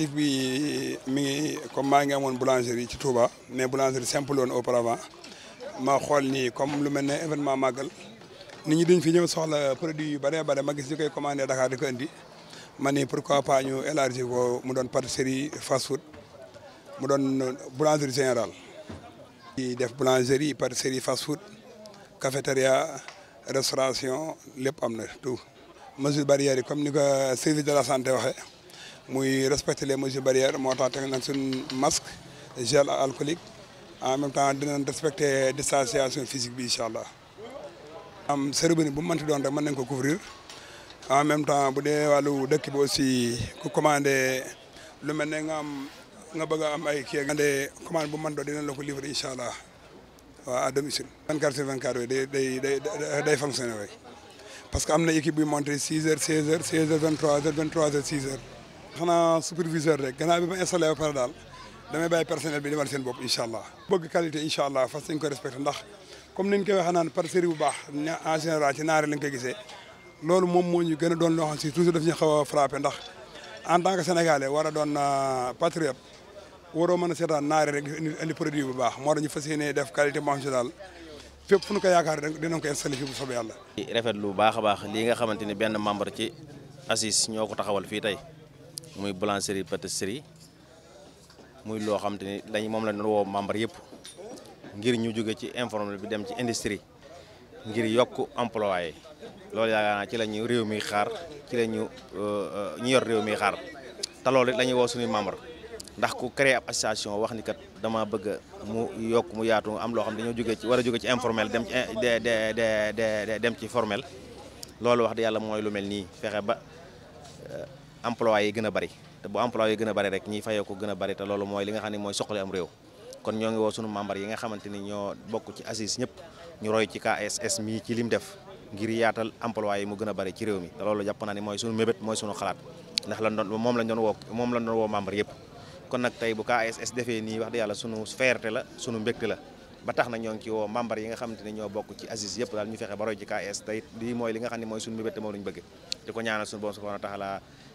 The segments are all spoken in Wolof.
initiative bi mi ngi comme maa ngi amoon boulangerie ci Touba mais boulangerie simple woon auparavant ma xool nii comme lu mel ne événement màggal ni ñi dañ fi ñëw soxla produit yu bare bare ma gis ñu koy commandé Dakar di ko indi ma ni pourquoi pas ñu ko mu doon pâtisserie fast food mu doon boulangerie général di def boulangerie pâtisserie fast food cafétéria restauration lépp am na tout mesure barrière comme ni ko service de la santé waxee. muy respecte les mesures barrières moo tax teg nañ sun masque gel alcoolique en même temps dinañ respecter distanciation physique bi incha allah. am cérémonie bu mu mënti doon rek mën nañ ko couvrir en même temps bu dee wàllu dëkk bi aussi ku commandé lu mel ne nga am nga bëgg a am ay kii commandé commande bu mu mën doon dinañ la ko livrer incha allah waaw à domicile. 24 sur 24 yooyu day day day day fonctionné parce que am na équipe bi monté 6 heures 16 heures 16 heures 23 heures 23 heures 6 heures. xanaa superviseur rek gannaaw bi ma daal damay bàyyi personnel bi demal seen bopp incha allah. bëgg qualité incha allah fas nañ ko respecté ndax comme ni ñu koy waxee naan parcelle bu baax en général ci naare lañ koy gisee loolu moom moo gën a doon loo xam si toujours daf ñu xaw a frappé ndax en tant que war a doon euh, patriote waroo mën a seetaan naare rek indi indi produit bu baax moo tax ñu fas yéenee def qualité bu am si daal. fépp fu ñu ko yaakaar dinañ ko installé fii bu soobee yàlla. rafet lu baax a baax lii nga xamante ni benn membre ci ACIS ñoo ko taxawal fii tey. muy boulangerie pâtisserie muy loo xam te ni dañ moom la ñu woo membre yëpp ngir ñu jóge ci informel bi dem ci industrie ngir yokk emploi yi loolu yaakaar naa ci la ñu réew mi xaar ci lañu ñu euh, euh, ñu yor réew mi xaar te loolu it la ñuy woo suñuy membre ndax ku créer ab association wax ni kat dama bëgg mu yokk mu yaatu am loo xam dañoo jóge ci war a jóge ci informel dem ci de dem ci formel loolu wax di yàlla mooy lu mel nii fexe ba euh, emploi yi gën a bari te bu emploi yi gën a bari rek ñiy a bari te loolu mooy li nga xam ne mooy soxla am réew kon ñoo ngi woo a tax na ñoo ngi ci woo membre yi nga xamante ñoo bokk ci assise fexe ba roy ci KSS tey mooy li nga xam ne mooy sunu mébét te moom lañu bëgg di ko ñaanal sunu borom subhanahu wa taala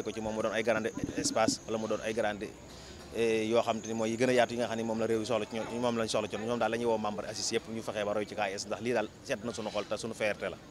roy ci moom mu doon ay grande espace wala mu doon ay grande eh, yoo xam ni mooy yi gën a yaatu yi nga xam ne moom la réew yi soxla moom lañ soxla ci ñoom daal la ñuy woo membre ACIS ñu fexee ba roy ci KS ndax lii daal sedd na suñu xol te suñu fierté la